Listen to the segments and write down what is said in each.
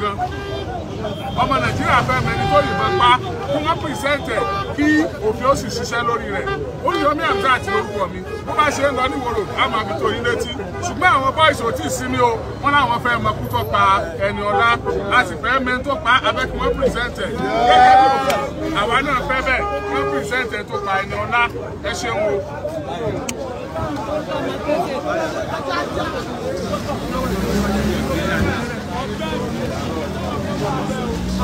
gangan ọmọ nàìjíríà fẹ́ mẹni tó yìnbọn pa kí wọ́n pìrìsẹ́ǹtẹ̀ kí òfin ó sì ṣiṣẹ́ lórí rẹ̀ ó yọ mí àmì àti orúkọ mi bó bá ṣe ń lọ níwòrò àmọ́ àbí tó yín létí ṣùgbọ́n àwọn bọ́ìsì ò tí ì sinmi o wọ́n láwọn fẹ́ mọ kú tó pa ẹni ọlá a sì fẹ́ mẹni tó pa abẹ́kí wọ́n pìrìsẹ́ǹtẹ̀ gẹ́gẹ́ bí àwa náà fẹ́ bẹ́ẹ̀ wọ́n pìrìsẹ́ǹtẹ̀ tó pa ẹni ọlá ẹ ṣeun o.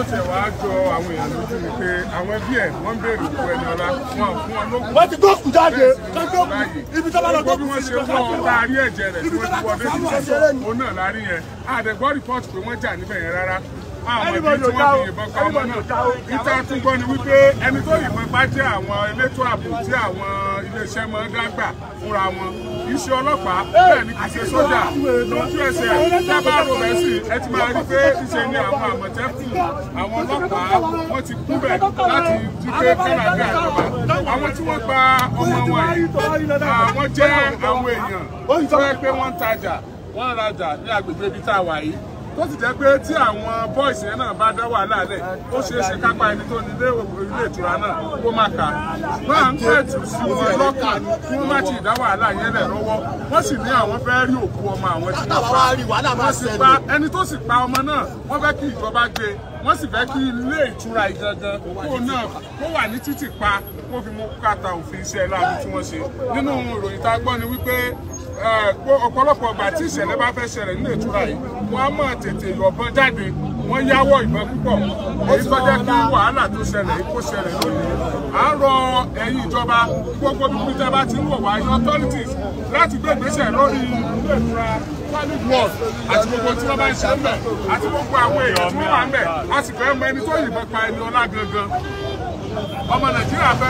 tó tẹ̀ wá jọ àwọn èèyàn lójú ni pé àwọn ẹbí ẹ̀ wọ́n ń béèrè òkú ẹni ọlá wọn fún ọ lókun. wọ́n ti gókù jáde ibi tó bá lọ gókù sí ibi tó bá lọ gókù láàárín ẹ̀jẹ̀ rẹ̀ tí wọ́n ti wọlé sí sọ́sọ́ òun náà láàárín yẹn àdẹ̀gbọ́ rìpọ́ọ̀tù pé wọ́n jà níbẹ̀ yẹn rárá everybody ò dáwó everybody ò dáwó. níta tún gbọ́ ni wípé ẹni tó yìnbọn bá jẹ́ àwọn elétò ààbò tí àwọn iléeṣẹ́ máa ń dágbà fúnra wọn iṣẹ́ ọlọ́pàá bẹ́ẹ̀ ni kì í ṣe sójà lójú ẹsẹ̀ lábá rọ̀bẹ̀ sí ẹ ti máa rí pé ṣe ni àwọn àmọ̀tẹ́kùn àwọn ọlọ́pàá wọ́n ti kú bẹ̀ láti jí pé kánàdé àjọba àwọn tí wọ́n gba ọmọ wọn yìí àwọn jẹ́ àwọn èèyàn tó yẹ pé wọ́n ń tajà wọ́n ń rajà ní agbègbè ibi tá a wà yìí tó sì jẹ́ pé tí àwọn boys yẹn náà bá dá wàhálà lẹ̀ ó ṣeé ṣe kápá ẹni tó ní ilé ìtura náà kó má kà á náà ń tẹ̀tù sí wọn lọ́kàn kí wọ́n má ti dá wàhálà yẹn lẹ̀ lọ́wọ́ wọ́n sì ní àwọn fẹ́ rí òkú ọmọ àwọn tí wọ́n pa wọ́n sì pa ẹni tó sì pa ọmọ náà wọ́n fẹ́ kí ìjọba gbé wọ́n sì fẹ́ kí ilé ìtura ìgangan kó náà kó wà ní títì pa kó fi mú kàtà òfin iṣẹ́ láàbí tí wọ́n ṣe nínú ìròyìn tá a gbọ́ ni wípé ọ̀pọ̀lọpọ̀ ọgbà tí ìṣẹ̀lẹ̀ bá fẹ́ ṣẹlẹ̀ nílé ìtura yìí wọ́n á máa tètè yọ̀bọn jáde wọ́n yáwọ́ ìbọn púpọ̀ èyí tó jẹ́ kí wàhálà tó ṣẹlẹ̀ kó ṣẹlẹ̀ lónìí à ń rọ ẹ̀yin ìjọba gbogbo bíbí tẹ́ ti ń wò wá yan authorities láti gbé ìgbésẹ̀ lórí ilé ìtura àti gbogbo tí wọ́n bá ń ṣe ń bẹ̀ àti gbogbo àwọn èèyàn tí wọ́n wà ń bẹ̀ a fẹ́ mọ ẹni tó yìnbọn pa ẹni ọlá gangan ọmọ Nàìjíríà fẹ́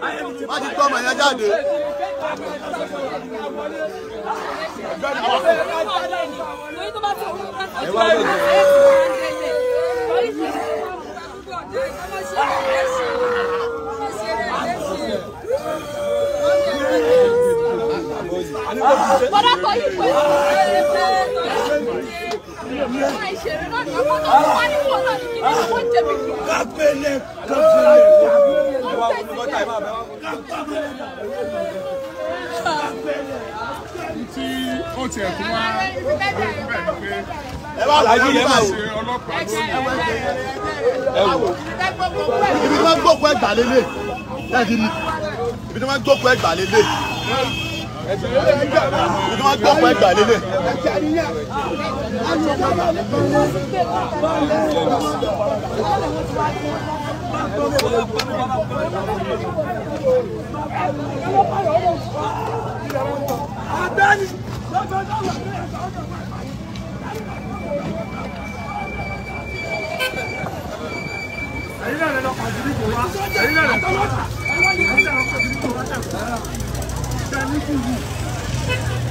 má ti tọ́ ọmọ yẹn jáde. Bọ́dá kọ yìí wá tí ó tiẹ̀ tún wá bẹ́ẹ̀ ibi tí wọ́n gbókùn ẹgbà lélẹ̀ ibi tí wọ́n gbókùn ẹgbà lélẹ̀ ibi tí wọ́n gbókùn ẹgbà lélẹ̀. Thank Abẹ́ni! Ẹ̀yin